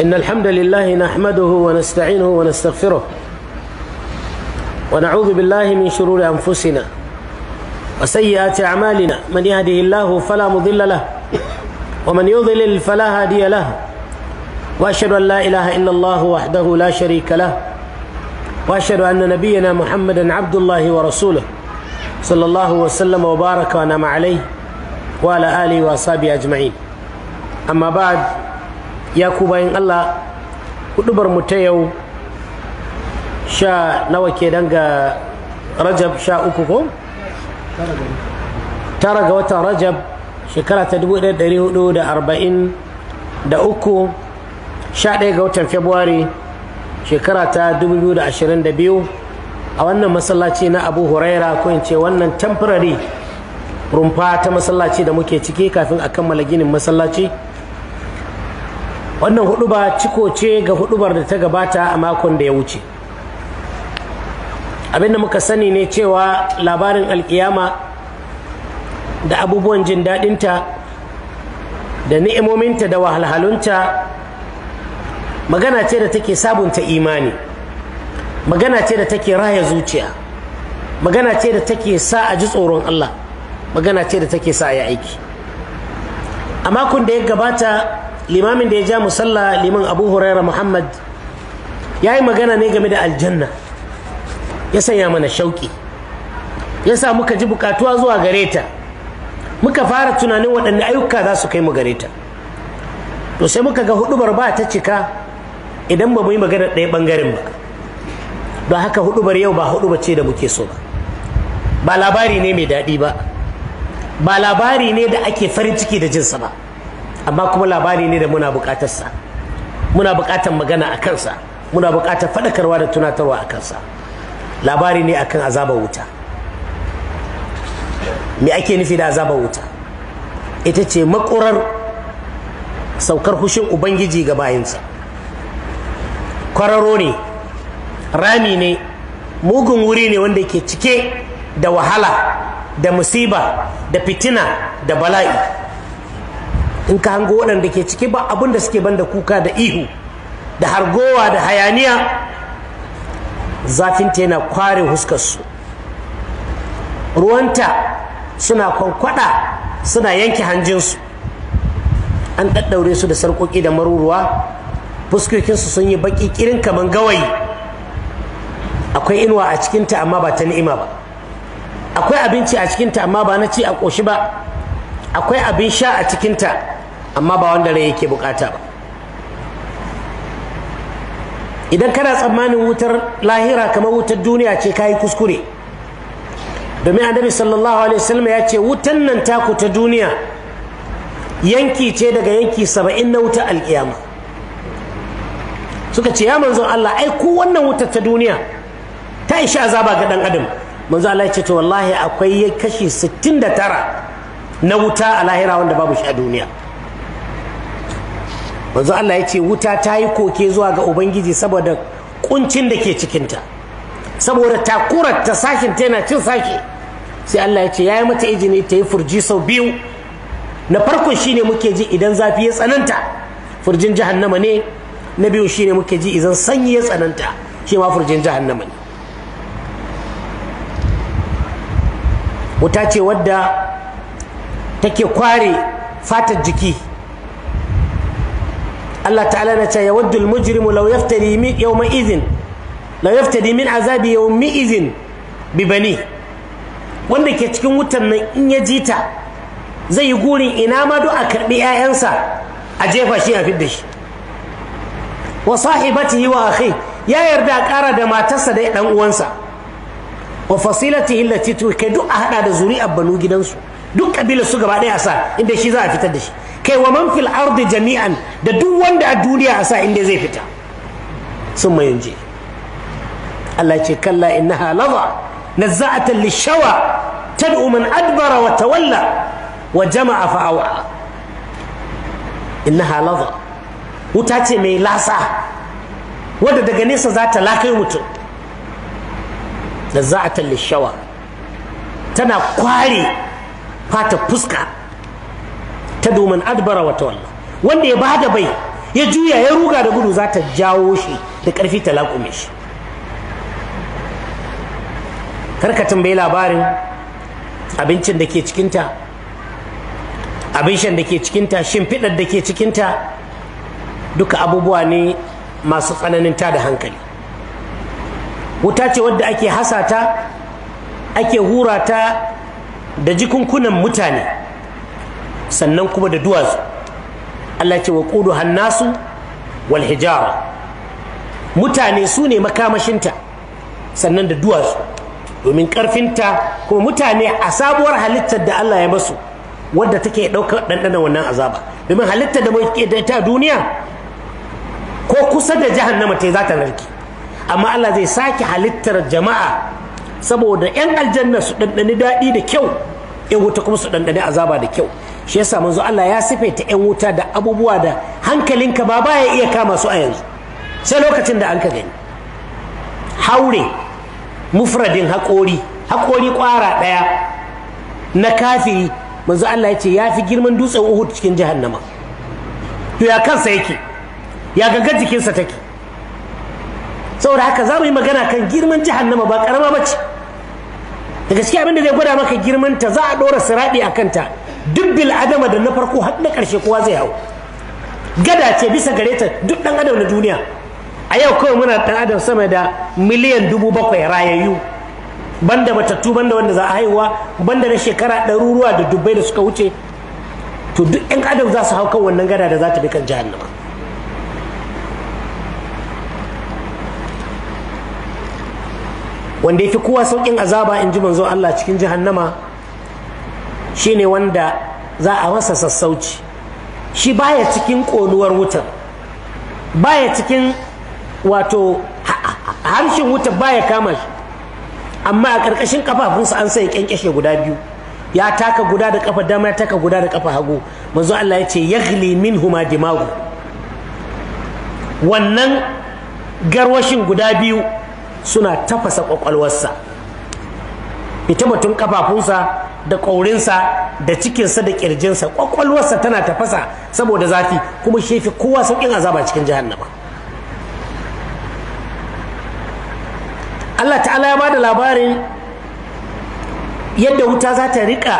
إن الحمد لله نحمده ونستعينه ونستغفره ونعوذ بالله من شرور أنفسنا وسيئات أعمالنا من يهده الله فلا مضل له ومن يضلل فلا هادي له وأشهد أن لا إله إلا الله وحده لا شريك له وأشهد أن نبينا محمدا عبد الله ورسوله صلى الله وسلم وبارك ونعم عليه وعلى آله وأصحابه أجمعين أما بعد ya ku bayan Allah hudubar mu ta yau sha nawa ke ga rajab sha uku ko? tara ga watan rajab shekara ta 1443 sha ɗaya ga watan februari shekara ta 2022 a wannan masallaci na abu huraira ko in ce wannan temporary rumfa ta masallaci da muke ciki kafin a kammala ginin masallaci wannan huduba ciko ce ga hudubar da ta gabata a makon da ya wuce abinda muka sani ne cewa labarin alkiyama da abubuwan jin daɗinta da ni'imominta da wahalhalunta magana ce da take sabunta imani magana ce da take raya zuciya magana ce da take sa a ji tsoron allah magana ce da take sa ya aiki a makon da ya gabata limamin da ya ja musalla liman abu huraira muhammad ya yi magana ne game da aljanna ya sanya mana shauƙi ya sa muka ji bukatuwa zuwa gare ta muka fara tunanin waɗanne ayyuka za su kai mu gare ta to sai muka ga hudubar ba ta cika idan ba mu yi magana ɗaya ɓangaren ba don haka huɗubar yau ba hudu ce da muke so ba ba labari ne mai daɗi ba ba labari ne da ake farin ciki da jinsa ba amma kuma labari ne da muna buƙatar muna buƙatar magana a kansa muna bukatar faɗakarwa da tunatarwa a kansa labari ne akan azabar wuta me ake nufi da azabar wuta ita ce makurar saukar hushin ubangiji ga bayansa kwararo ne rami ne mugun wuri ne wanda ke cike da wahala da musiba da fitina da bala'i in ka hango waɗanda ke ciki ba abin da suke banda kuka da ihu da hargowa da hayaniya zafinta yana kware huskarsu ruwanta suna kwankwada suna yanke hanjinsu an ɗaɗɗaure su da sarƙoƙi da maruruwa fuskokinsu sun yi baƙi ƙirin kamar gawayi akwai inuwa a cikinta amma ba ta ni'ima ba akwai abinci a cikinta amma ba na ci a ƙoshi ba akwai abin sha a cikinta amma ba wanda rai yake bukata ba idan kana tsammanin wutar lahira kamar wutar duniya ce kayi kuskure domin annabi sallallahu alaihi wasallam ya ce wutan nan taku ta duniya yanki ce daga yanki saba'in na wutar alkiyama suka ce ya manzon Allah ai ku wannan wutar ta duniya ta ishi azaba ga dan adam manzo Allah ya ce to wallahi akwai kashi 69 na wuta a lahira wanda babu shi a duniya manzo Allah ya ce wuta ta yi koke zuwa ga ubangiji saboda kuncin da ke cikinta saboda takurar ta sakin ta yana cin sake sai Allah ya ce ya yi mata izini ta yi furji sau biyu na farkon shine muke ji idan zafi ya tsananta furjin jahannama ne na biyu shine muke ji idan sanyi ya tsananta shi ma furjin jahannama ne wuta ce wadda take kware fatar jiki Allah ta'ala na ce yawaddu al-mujrimu law yaftari min min azabi wanda ke cikin wutan nan in ya ji ta zai yi gurin ina ma do a karbi ƴaƴansa a jefa shi a fidda shi wa sahibatihi wa akhi ya yarda a ƙara da matarsa da ɗan uwansa wa fasilatihi allati kai duk a hada da zuri'ar banu gidansu duk kabilar su gaba ɗaya a sa inda shi za a fitar da shi كي ومن في الأرض جميعا ده دو واندا الدنيا أسا إن دي زي فتا ثم ينجي الله يقول كلا إنها لضع نزاعة للشوى تدعو من أدبر وتولى وجمع فأوعى إنها لضع وتاتي مي لاسا ودا دغنيسا ذات لاكي متو نزاعة للشوى تنا قاري فاتا بوسكا ta domin adbara wata wannan wanda ya bada bai ya juya ya ruga da gudu za ta jawo shi da karfi ta laƙume shi karka bai labarin abincin da ke cikinta abin da ke cikinta shimfiɗar da ke cikinta duka abubuwa ne masu tsananin ta da hankali wuta ce wadda ake hasata ake hura ta da jikunkunan mutane sannan kuma da duwatsu Allah ce wa kudu hannasu wal hijara mutane su ne makamashinta sannan da duwatsu domin karfinta kuma mutane a sabuwar halittar da Allah ya basu wadda take ɗaukar ɗanɗana wannan azaba domin halittar da muke ta duniya ko kusa da na ta za ta narki amma Allah zai sake halittar jama'a saboda 'yan aljanna su ɗanɗani daɗi da kyau 'yan wuta kuma su ɗanɗani azaba da kyau shi yasa manzo Allah ya ta yan wuta da abubuwa da hankalinka ba baya iya kama su a yanzu sai lokacin da an ka gani haure mufradin haƙori haƙori ƙwara ɗaya na kafiri manzo Allah ya ce ya fi girman dutsen Uhud cikin jahannama to ya kansa yake ya gangan jikinsa take saboda haka za mu yi magana kan girman jahannama ba ƙarama karama bace da gaskiya abinda zai gwada maka girmanta za a ɗora siraɗi a kanta duk bil adama da na farko har na karshe kowa zai hau gada ce bisa gare ta duk dan adam na duniya a yau kawai muna dan adam sama da miliyan dubu bakwai rayayyu banda matattu banda wanda za a haihuwa banda na shekara ɗaruruwa da dubbai da suka wuce to duk 'yan adam za su hau kan wannan gada da za ta bi kan jahannama wanda ya fi kowa saukin azaba in ji manzon Allah cikin jahannama Shi ne wanda za a masa sassauci shi baya cikin ƙonuwar wutar baya cikin wato harshen wutar baya kama shi amma a ƙarƙashin ƙafafunsa an sai ƙyanƙyashe guda biyu ya taka guda da ƙafa dama ya taka guda da ƙafa hagu manzo Allah ya ce ya min huma dimagu wannan garwashin guda biyu suna tafasa ƙwaƙwalwarsa ita mutum ƙafafunsa da ƙaurinsa da cikinsa da ƙirjinsa ƙwaƙwalwarsa tana tafasa saboda zafi kuma shefi kowa sauƙin azaba cikin jahannama Allah ta'ala ya ba da labarin yadda wuta za ta riƙa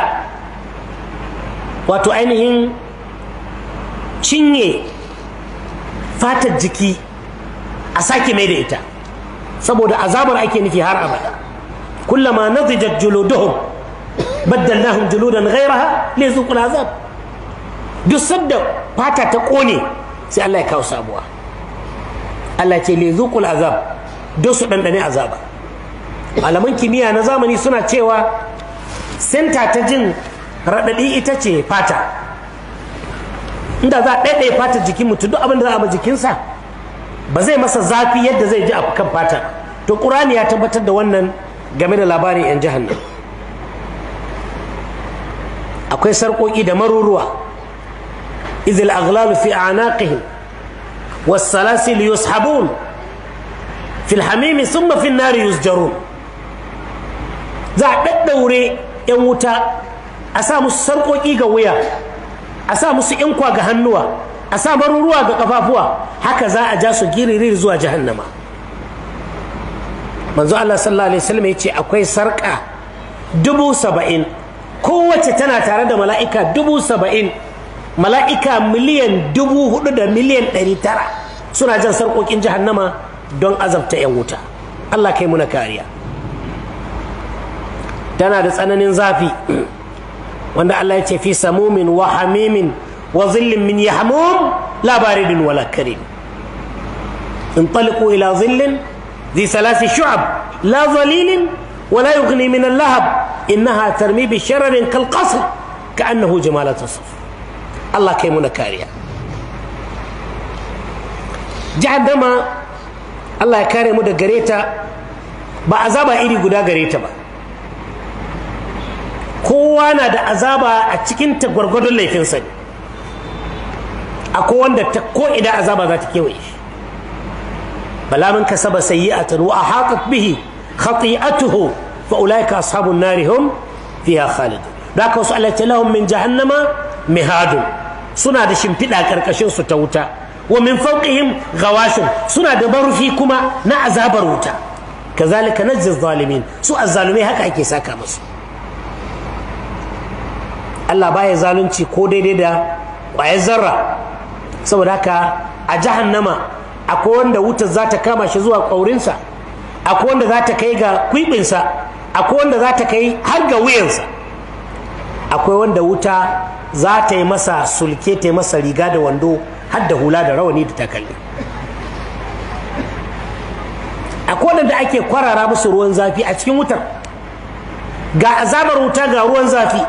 wato ainihin cinye fatar jiki a sake mai da ita saboda azabar ake nufi har abada kullama nazijat juluduhum baddalnahum juludan ghayraha lizuqul azab duk sadda fata ta kone sai Allah ya kawo sabuwa Allah ce lizuqul azab duk su azaba malaman kimiyya na zamani suna cewa senta ta jin raɗaɗi ita ce fata inda za a daidai fata jikin mutum duk abin da za a jikinsa ba zai masa zafi yadda zai ji a kan fata to ƙurani ya tabbatar da wannan game da labarin 'yan jihar nan akwai sarƙoƙi da maruruwa izil aghlalu fi anaqihim والسلاسل يسحبون في الحميم ثم في النار يسجرون za a ɗaɗɗaure 'yan wuta a sa musu sarƙoƙi ga wuya a sa musu inkwa ga hannuwa a sa maruruwa ga ƙafafuwa haka za a ja su giririr zuwa jahannama manzo Allah sallallahu alaihi wasallam ya ce akwai sarƙa dubu saba'in kowace tana tare da mala'ika dubu saba'in mala'ika miliyan dubu hudu da miliyan ɗari tara suna jan sarƙoƙin jahannama don azabta 'yan wuta allah kai muna kariya tana da tsananin zafi wanda allah ya ce fi samumin wa hamimin wa zillin min yahmum la baridin wala karim انطلقوا إلى ظل ذي ثلاث شعب لا ظليل ولا يغني من اللهب إنها ترمي بشرر كالقصر كأنه جمالة الصفر الله كيمنا كاريا جهنم الله يكاري مدى قريتا بأزابا إلي قدا قريتا با kowana da azaba a cikin ta gwargwadon laifinsa ne akwai wanda ta ko idan azaba za ta kewaye shi bala min kasaba sayyi'atan wa ahaqat bihi khati'atuhu fa ulaika ashabun nari hum fiha khalidun da ka wasu alati lahum min jahannama mihadun suna da shimfiɗa ƙarƙashin su ta wuta wa min fawqihim ghawashin suna da barufi kuma na azabar wuta na najzi zalimin su azzalumai haka ake saka masu Allah baya zalunci ko daidai da ƙwayar zarra saboda haka a jahannama akwai wanda wutar za ta kama shi zuwa ƙaurinsa akwai wanda za ta kai ga sa. akwai wanda za ta kai har ga wuyansa akwai wanda wuta za ta yi masa sulke ta yi masa riga da wando har da hula da rawani da takalmi akwai wanda ake kwarara musu ruwan zafi a cikin wutar ga azabar wuta ga ruwan zafi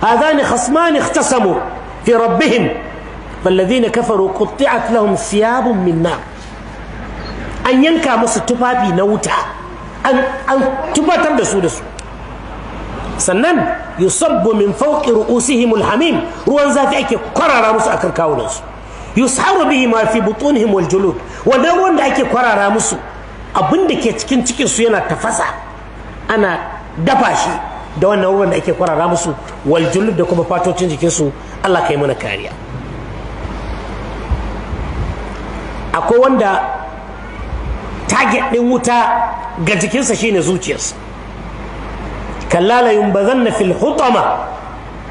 hazani khasmani ikhtasamu fi rabbihim فالذين كفروا قطعت لهم ثياب من نار an yanka musu tufafi na wuta an tubatar da su da su sannan yusabbu min fawqi ru'usihim alhamim ruwan zafi ake kwarara musu akan kawunan su yusharu bihi ma fi butunihim wal julud wannan ruwan ake kwarara musu abin da ke cikin cikin su yana tafasa ana dafa shi da wannan ruwan da ake kwarara musu wal da kuma fatocin jikin su Allah kai mana kariya akwai wanda target din wuta ga jikinsa shine zuciyarsa kallala yumbazanna fil hutama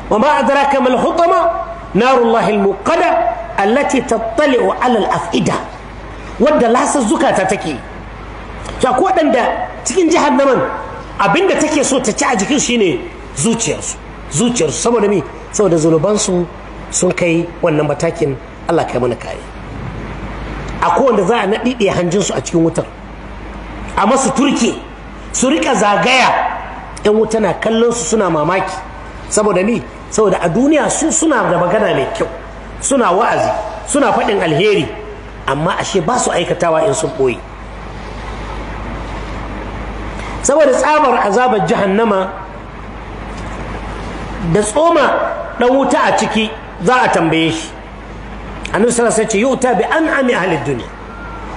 wa ma adraka mal hutama narullahi al muqada allati tattali'u ala al afida wadda lasar zukata take ta ko wadanda cikin jahannaman abinda take so ta ci a jikin shine zuciyarsu zuciyarsu saboda me saboda zunubansu sun kai wannan matakin Allah kai mana kare akwai wanda za a naɗiɗe hanjinsu a cikin wutar a masu turki su rika zagaya yan wuta na kallon su suna mamaki saboda ni saboda a duniya su suna da magana mai kyau suna wa'azi suna faɗin alheri amma ashe ba su aikatawa in sun ɓoye saboda tsabar azabar jahannama da tsoma ɗan wuta a ciki za a tambaye shi annabi sallallahu alaihi wasallam ce yuta bi an'ami ahlid duniya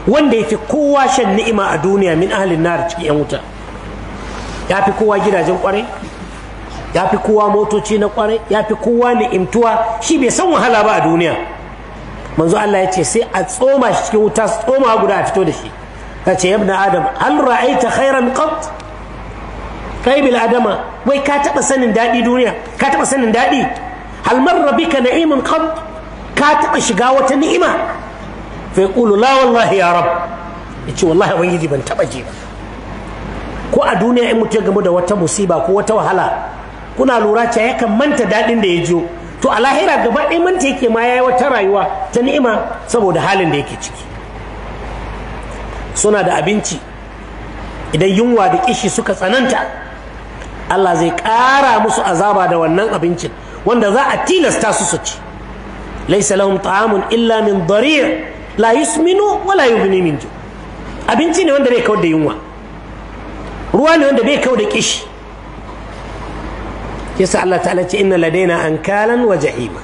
wanda ya fi kowa shan ni'ima a duniya min ahalin nar cikin 'yan wuta ya fi kowa gidajen kwarai ya fi kowa motoci na kwarai ya fi kowa ni'imtuwa shi bai san wahala ba a duniya manzo Allah ya ce sai a tsoma shi cikin wuta tsoma guda a fito da shi ka ce yabna adam hal ra'aita khairan qat kai bil adama wai ka taba sanin daɗi duniya ka taba sanin daɗi hal marra bika na'imun qat ka taba shiga wata ni'ima fa yaqulu la ya rab yace wallahi ubangiji ban taba ji ba ko a duniya in ya gamu da wata musiba ko wata wahala kuna lura cewa kan manta daɗin da ya jiyo to a lahira gaba ɗaya manta yake ma ya yi wata rayuwa ta ni'ima saboda halin da yake ciki suna da abinci idan yunwa da kishi suka tsananta Allah zai ƙara musu azaba da wannan abincin wanda za a tilasta su su ci laisa lahum ta'amun illa min dariya. la yusminu wa la min ju abinci ne wanda bai kawar da yunwa ruwa ne wanda bai kawar da kishi yasa Allah ta'ala ce inna ladaina ankalan wa jahima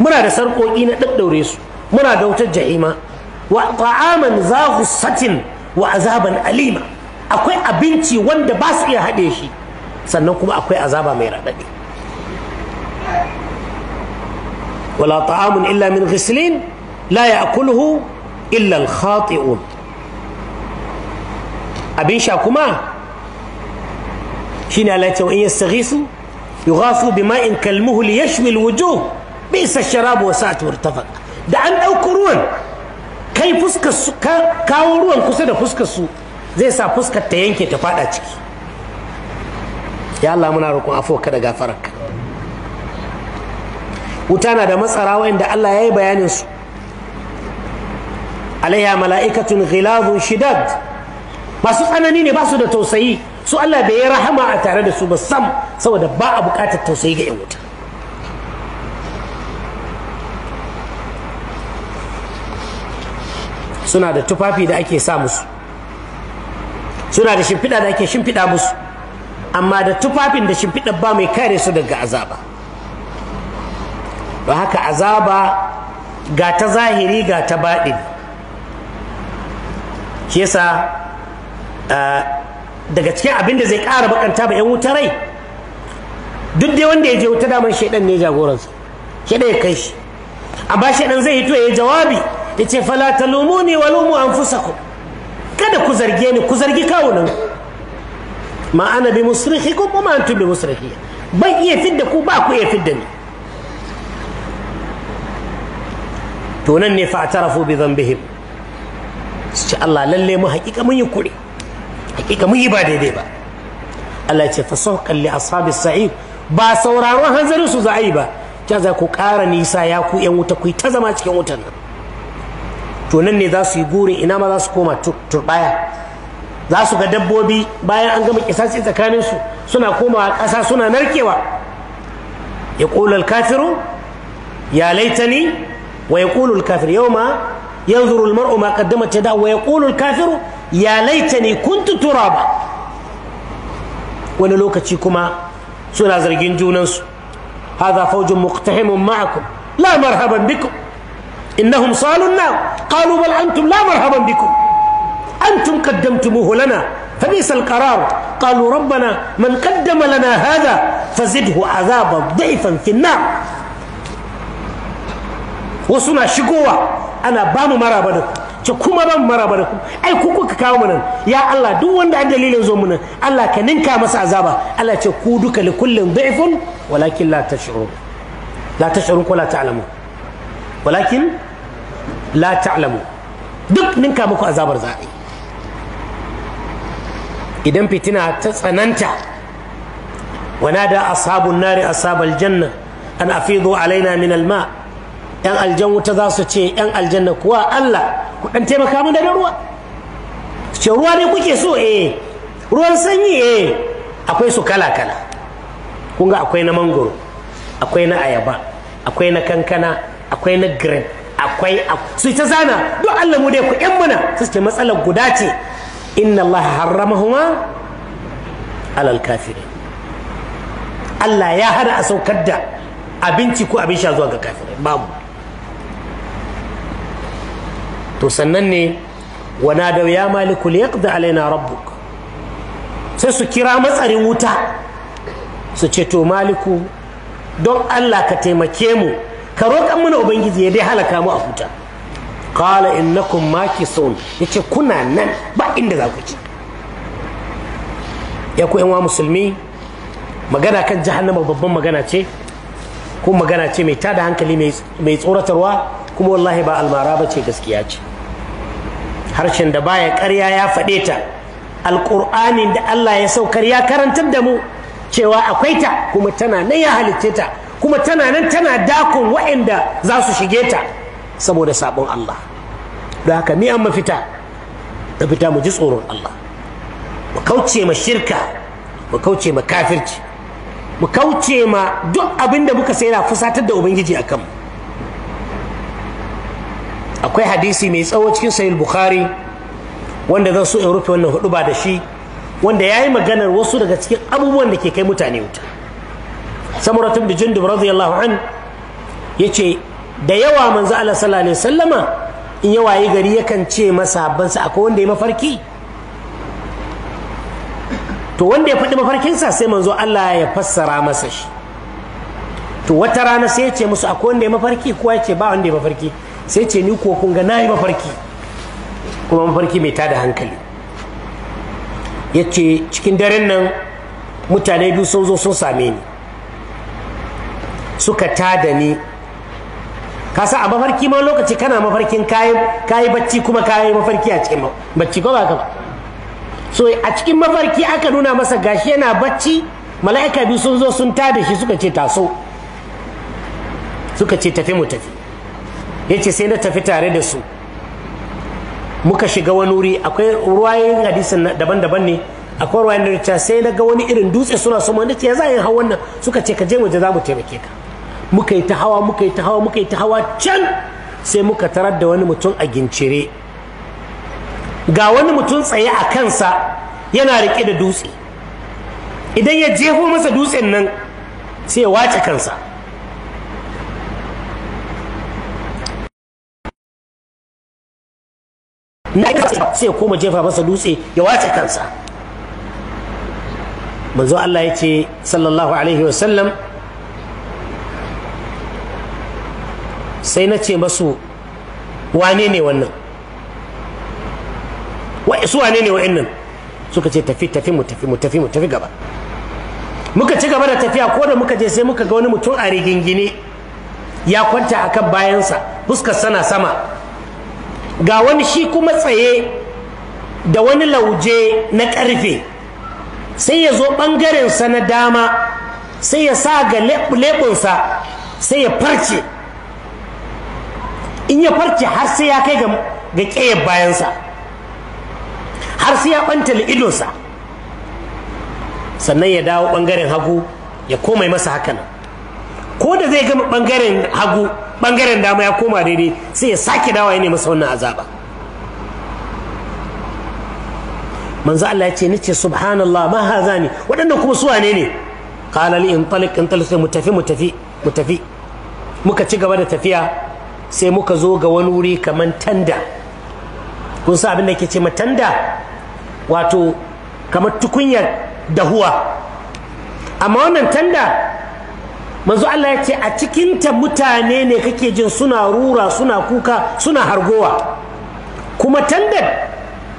muna da sarƙoƙi na daddaure su muna da wutar jahima wa ta'aman za satin wa azaban alima akwai abinci wanda ba su iya haɗe shi sannan kuma akwai azaba mai raɗaɗi wala ta'amun illa min ghislin la ya'kuluhu illa al-khati'un abin sha kuma shine Allah ya ce in bi yughasu bima'in kalmuhul yashmi wujo bi bisa sharabu wa sa'at murtafaq da an ɗauko ruwan kai fuskar su kawo ruwan kusa da fuskar su zai sa fuskar ta yanke ta fada ciki ya Allah muna roƙon afo ka da gafararka wuta na da matsara wa'anda Allah ya yi bayanin su alaiya mala'ikatun ghilazun shidad masu tsanani ne ba su da tausayi su Allah bai yi rahama a tare da su ba sam saboda ba a bukatar tausayi ga 'yan wuta suna da tufafi da ake sa musu suna da shimfiɗa da ake shimfiɗa musu amma da tufafin da shimfiɗa ba mai kare su daga azaba don haka azaba ga ta zahiri ga ta baɗini shi yasa eh, daga cikin abin da zai kara bakanta ba yan wuta rai duk dai wanda ya je wuta daman shaidan ne jagoransa shaidan ya kai shi amma shaidan zai hito ya jawabi ya ce fala ne wa lumu anfusakum kada ku zarge ni ku zargi kawunan ma ana bi musrihikum ko kuma an tubi musrihi ban iya fidda ku ba ku iya fidda ni to nan ne fa a tarafu bi zambihim su ce Allah lalle mu haƙiƙa mun yi kure haƙiƙa mun yi ba daidai ba Allah ce faso kalli ashabi sa'id ba sauraron hanzarin su za yi ba ta za ku ƙara nisa ya ku yan wuta ku ta zama cikin wutan nan to nan ne za su yi burin ina ma za su koma turbaya za su ga dabbobi bayan an gama kisasi tsakanin su suna komawa ƙasa suna narkewa ya ƙulal kafiru ya laitani wa ya ƙulal kafir yau ma ينظر المرء ما قدمت يداه ويقول الكافر يا ليتني كنت ترابا ونلوكتي كما سنازر جونس هذا فوج مقتحم معكم لا مرحبا بكم إنهم صالوا النار قالوا بل أنتم لا مرحبا بكم أنتم قدمتموه لنا فبيس القرار قالوا ربنا من قدم لنا هذا فزده عذابا ضعفا في النار وصنع شقوه ana ba mu maraba da ku ce kuma ban maraba da ku ai ku kuka kawo mana ya Allah duk wanda an dalilin zo mu Allah ka ninka masa azaba Allah ce ku duka li kullin dha'ifun walakin la tash'urun la tash'urun ko la ta'lamu walakin la ta'lamu duk ninka muku azabar za'i idan fitina ta tsananta ونادى أصحاب النار أصحاب الجنة أن أفيضوا علينا من الماء yan aljan wuta za su ce yan aljanna kuwa Allah ku dan taimaka mu da ruwa ce ruwa ne kuke so eh ruwan sanyi eh akwai su kala kala kun ga akwai na mangoro akwai na ayaba akwai na kankana akwai na grape akwai su ta zana duk Allah mu dai ku yan muna su ce matsalar guda ce inna Allah harramahuma alal kafiri Allah ya hana a saukar da abinci ko abin sha zuwa ga kafirai babu to sannan ne da ya maliku liyaqdi alaina rabbuk sai su kira matsarin wuta su ce to maliku don Allah ka taimake mu ka roƙan mana ubangiji ya dai halaka mu a huta kala innakum ya yace kuna nan ba inda za ku ci ya ku yan musulmi magana kan jahannama babban magana ce ko magana ce mai tada hankali mai tsoratarwa kuma wallahi ba almara ba ce gaskiya ce harshen da baya ƙarya ya faɗe ta alƙur'anin da Allah ya saukar ya karantar da mu cewa akwai ta kuma tana nan ya halicce ta kuma tana nan tana dakon waɗanda za su shige ta saboda sabon Allah da haka mi an mafita da fita mu ji tsoron Allah mu kauce ma shirka mu kauce ma kafirci mu kauce ma duk abin da muka sai na fusatar da ubangiji a kanmu akwai hadisi mai tsawo cikin sahih bukhari wanda zan so in rufe wannan hudu ba da shi wanda yayi maganar wasu daga cikin abubuwan da ke kai mutane wuta samurat ibn jundub radiyallahu an yace da yawa manzo Allah sallallahu alaihi wasallama in ya wayi gari yakan ce masa habbansa akwai wanda ya mafarki to wanda ya faɗi mafarkinsa sai manzo Allah ya fassara masa shi to wata rana sai ya ce musu akwai wanda ya mafarki kowa yace ba wanda ya mafarki sai ce ni ko kun ga yi mafarki kuma mafarki mai tada hankali ya ce cikin daren nan mutane biyu sun zo sun same ni suka tada ni kasa a mafarki ma lokaci kana mafarkin kayi bacci kuma kayi mafarki a cikin bacci ko ba ka ba so a cikin mafarki aka nuna masa gashi yana bacci mala'ika biyu sun zo sun tada shi suka ce taso suka ce tafi mu tafi ya ce sai na tafi tare da su muka shiga wani wuri akwai ruwayen hadisin daban-daban ne akwai ruwayen da sai na ga wani irin dutse suna so wanda ce ya za yin hawa wannan suka ce ka je waje za mu taimake ka muka yi ta hawa muka yi ta hawa muka yi ta hawa can sai muka tarar da wani mutum a gincire ga wani mutum tsaye a kansa yana rike da dutse idan ya jefo masa dutsen nan sai ya wace kansa na ce sai koma jefa masa dutse ya wace kansa manzo Allah ya ce sallallahu alaihi wasallam sai na ce masu wane ne wannan su wane ne wa'annan suka ce tafi tafi mu tafi mu tafi mu tafi gaba muka ci gaba da tafiya ko da muka je sai muka ga wani mutum a rigingine ya kwanta akan bayansa fuskar sana sama ga wani shi kuma tsaye da wani lauje na ƙarfe sai ya zo ɓangarensa na dama sai ya sa ga leɓunsa sai ya farce in ya farce har sai ya kai ga ƙeyar bayansa har sai ya ɓanta idonsa sannan ya dawo ɓangaren hagu ya komai masa hakan ko da zai gama ɓangaren hagu bangaren dama ya koma daidai sai ya sake dawa ya nemi wannan azaba manzo Allah ya ce nace subhanallah ma haza ne waɗannan kuma su wane ne qala li intaliq intaliq mu tafi mu muka ci gaba da tafiya sai muka zo ga wani wuri kaman tanda kun sa abin da ke ce ma tanda wato kamar tukunyar dahuwa amma wannan tanda manzo Allah ya ce a cikinta mutane ne kake jin suna rura suna kuka suna hargowa kuma tandar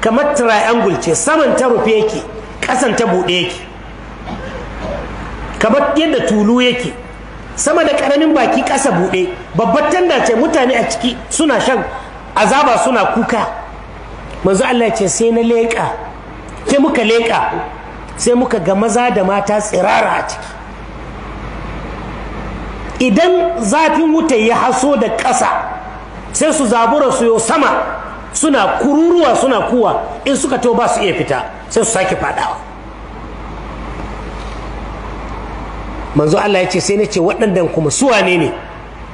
kamar triangle ce saman ta rufe yake ƙasan ta buɗe yake kamar yadda tulu yake sama da ƙaramin baki ƙasa buɗe babbar tanda ce mutane a ciki suna shan azaba suna kuka manzo Allah ya ce sai na leƙa sai muka leƙa sai muka ga maza da mata tsirara a ciki idan zafin wuta ya haso da ƙasa sai su zabura su yi sama suna kururuwa suna kuwa in suka to ba su iya fita sai su sake fadawa manzo Allah ya ce sai na ce waɗanda kuma suwa ne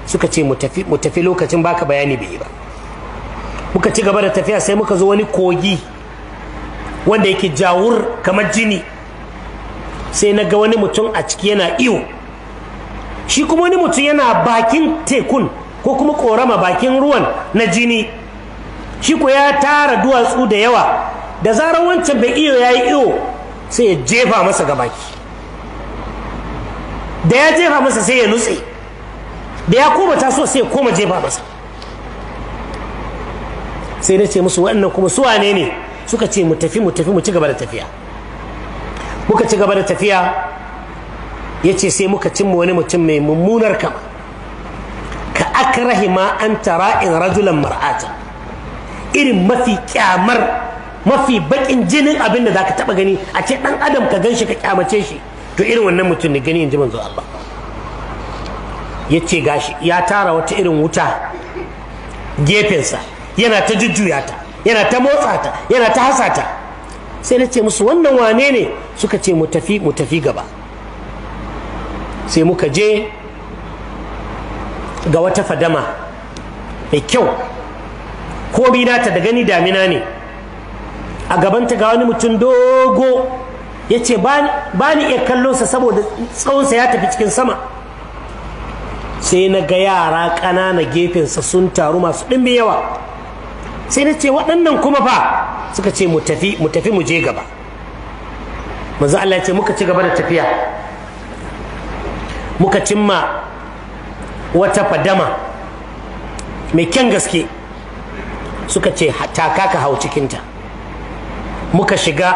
suka ce mu tafi lokacin baka bayani bai yi ba muka ci gaba da tafiya sai muka zo wani kogi wanda yake jawur kamar jini sai na ga wani mutum a ciki yana iyo shi kuma wani mutum yana bakin tekun ko kuma korama bakin ruwan na jini shi ko ya tara duwatsu da yawa da zarar wancan bai iyo ya yi iyo sai ya jefa masa ga baki da ya jefa masa sai ya nutse da ya koma taso sai ya koma jefa masa sai na ce musu waɗannan kuma su ne ne suka ce mu tafi mu tafi mu ci gaba da tafiya muka ci gaba da tafiya ya ce sai muka cimma wani mutum mai mummunar kama ka aka ma an tara in rajulan mar'ata irin mafi kyamar mafi bakin jinin abin da za ka taba gani a ce dan adam ka gan shi ka kyamace shi to irin wannan mutum ne gani in ji manzo Allah ya ce gashi ya tara wata irin wuta gefensa yana ta jujjuya ta yana ta motsa ta yana ta hasa ta sai na ce musu wannan wane ne suka ce mu tafi mu tafi gaba sai muka je ga wata fadama mai kyau komi ta da gani damina ne a gabanta ga wani mutum dogo ya ce ba ni iya kallonsa saboda tsawonsa ya tafi cikin sama sai na ga yara ƙanana gefensa sun taru masu ɗimbi yawa sai na ce waɗannan kuma fa suka ce mu tafi mu je gaba manzo Allah ce muka ci gaba da tafiya muka cimma wata fadama mai kyan gaske suka ce taka ka hau cikinta muka shiga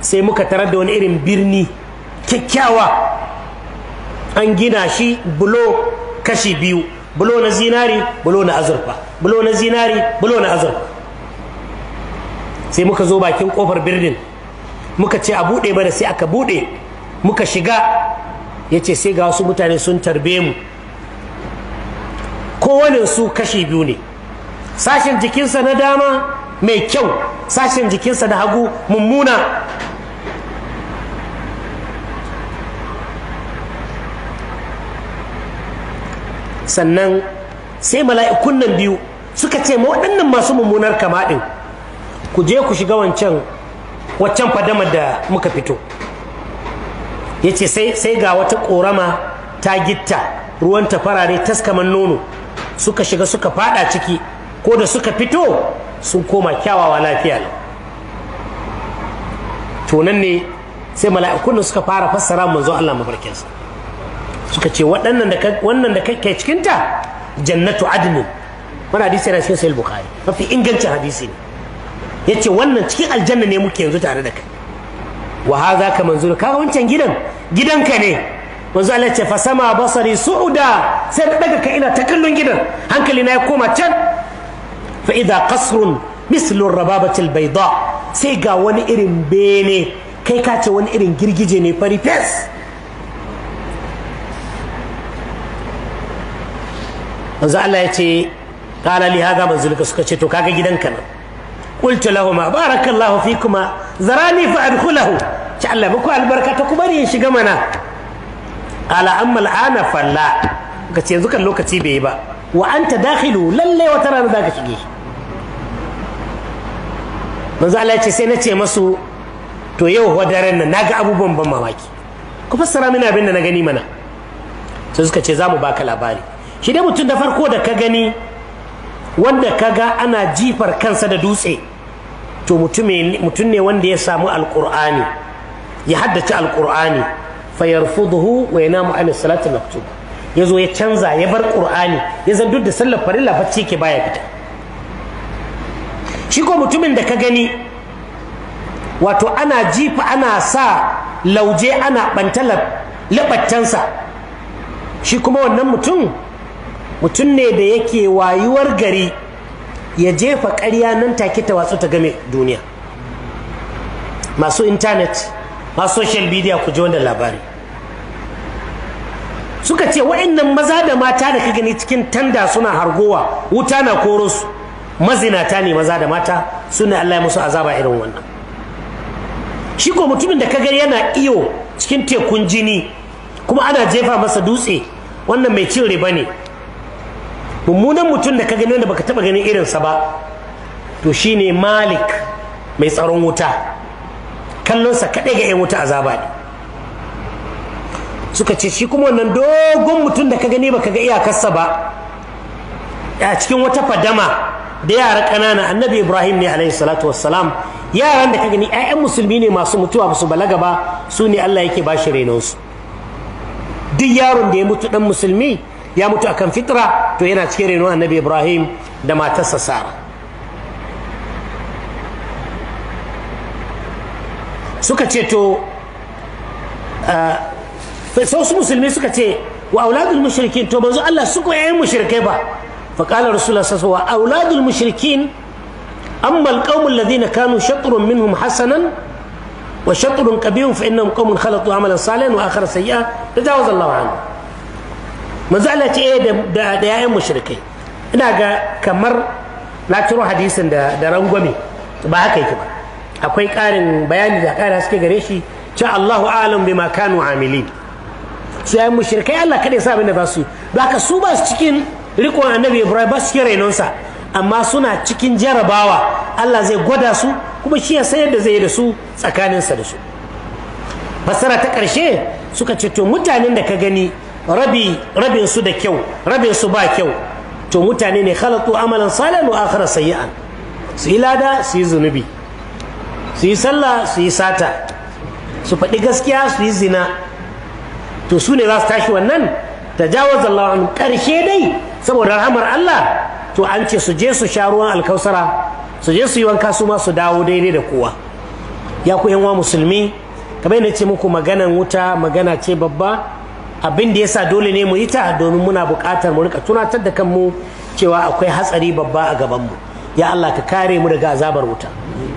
sai muka tarar da wani irin birni kyakkyawa an gina shi bulo kashi biyu bulo na zinari bulo na azurfa bulo na zinari bulo na azurfa sai muka zo bakin kofar birnin muka ce a buɗe da sai aka buɗe muka shiga ya ce sai ga wasu mutane sun tarbe mu kowane su kashi biyu ne sashen jikinsa na dama mai kyau sashen jikinsa na hagu mummuna sannan sai mala'ikun nan biyu suka ce ma waɗannan masu mummunar kamaɗin ku je ku shiga wancan waccan fadamar da muka fito ya ce sai ga wata ƙorama ta gitta ruwan ta farare taskaman nono suka shiga suka fada ciki ko da suka fito sun koma kyawawa lafiya ne tunan ne sai mala'ikun da suka fara fassara manzo Allah sa suka ce waɗannan da wannan da kake cikinta jannatu adnin mana hadisi yana cikin sahih bukhari mafi ingancin hadisi ne yace wannan cikin aljanna ne muke yanzu tare da kai wa hadha ka manzur kaga wancan gidan gidanka ne manzo Allah ce fasama basari su'uda sai da daga ka ina ta kallon gidan hankali na ya koma can fa idza qasrun mislu rababati albayda sai ga wani irin bene kai ka ce wani irin girgije ne fari fes manzo Allah ya ce qala li hada manzilka suka ce to kaga gidanka nan qultu lahumu barakallahu fikuma zarani fa adkhulahu ci Allah muku albarka ta kuma ya shiga mana ala amma ana falla ka ce yanzu kan lokaci bai yi ba wa anta dakhilu lalle wata rana za ka shige manzo Allah ya ce sai na ce masu to yau wa daren nan naga abubuwan ban mamaki ku fassara mini abin da na gani mana sai suka ce za mu baka labari shi dai mutum da farko da ka gani wanda ka ga ana jifar kansa da dutse to mutum ne wanda ya samu alkur'ani ya haddace Alƙur'ani. fayarfuduhu yarfuduhu wa yanamu an salati maktub ya zo ya canza ya bar qur'ani ya zan duk da sallar farilla bacci ke baya fita shi ko mutumin da ka gani wato ana jifa ana sa lauje ana bantala labattansa shi kuma wannan mutum mutum ne da yake wayuwar gari ya jefa karya nan take ta watsu ta game duniya masu intanet ma social media ku ji wannan labari suka ce wa'annan maza da mata da ka gani cikin tanda suna hargowa wuta na korosu mazinata ne maza da mata suna Allah ya musu azaba irin wannan shi ko mutumin da ka gani yana iyo cikin tekun jini kuma ana jefa masa dutse wannan mai cin riba ne mummunan mutum da ka gani wanda baka taba ganin irinsa ba to shine malik mai tsaron wuta kallonsa kaɗai ga 'yan wuta azaba ne suka ce shi kuma wannan dogon mutum da ka gani ba ka ga iyakarsa ba a cikin wata fadama da yara ƙanana annabi ibrahim ne alaihi salatu wassalam yaran da ka gani 'ya'yan musulmi ne masu mutuwa ba su balaga ba su ne allah yake ba shi renonsu duk yaron da ya mutu dan musulmi ya mutu akan fitra to yana cikin renon annabi ibrahim da matarsa sara suka ce to sausu musulmi suka ce wa auladul mushrikin to manzo Allah su ko yayin mushrikai ba fa qala rasulullah sallallahu alaihi wasallam auladul mushrikin amma alqawm alladhina kanu shatrun minhum hasanan wa shatrun kabirun fa innahum qawmun khalatu amalan salihan wa akhar sayya tajawaz Allah anhu manzo Allah ce da da yayin mushrikai ina ga kamar na ciro hadisin da da rangwame ba haka yake ba akwai ƙarin bayani da ƙara suke gare shi ce Allahu alam bima kanu amilin su yayin mushrikai Allah kada ya sa abin da za su ba ka su ba su cikin rikon annabi Ibrahim ba su cikin rainonsa amma suna cikin jarabawa Allah zai gwada su kuma shi ya sayar da zai yi da su tsakaninsa da su fassara ta ƙarshe suka ce to mutanen da ka gani rabi rabin su da kyau rabin su ba kyau to mutane ne khalatu amalan salihan wa akhara sayyi'an su yi lada su yi zunubi su yi sallah su yi sata su faɗi gaskiya su yi zina to su ne za su tashi wannan tajawaz Allah wani ƙarshe dai saboda rahamar Allah to an ce su je su sha ruwan alkausara su je su yi wanka su ma su dawo daidai da kowa ya ku yan musulmi kamar yadda ce muku maganan wuta magana ce babba abin da yasa dole ne mu yi ta domin muna buƙatar mu rika tunatar da kanmu cewa akwai hatsari babba a gaban mu ya Allah ka kare mu daga azabar wuta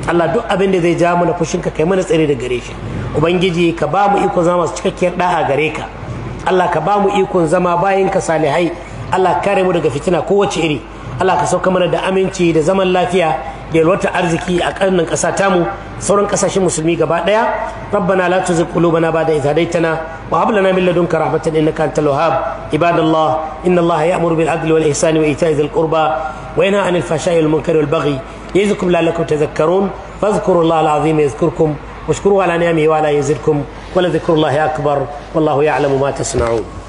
Allah duk abin da zai ja mana fushinka kai mana tsare da gare shi ubangiji ka ba mu iko zama cika cikakkiyar da'a gare ka Allah ka ba mu ikon zama bayan ka salihai Allah kare mu daga fitina kowace iri Allah ka sauka mana da aminci da zaman lafiya da yalwata arziki a ƙarnin ƙasa tamu sauran ƙasashen musulmi gaba ɗaya rabbana la tuzigh qulubana ba'da idh hadaytana wa hab lana min ladunka rahmatan innaka antal wahhab ibadallah inna allaha ya'muru bil adli wal ihsani wa ita'i dhil qurba wa yanha 'anil fahsha'i wal يعظكم لعلكم تذكرون فاذكروا الله العظيم يذكركم واشكروه على نعمه وعلى يزدكم ولذكر الله أكبر والله يعلم ما تصنعون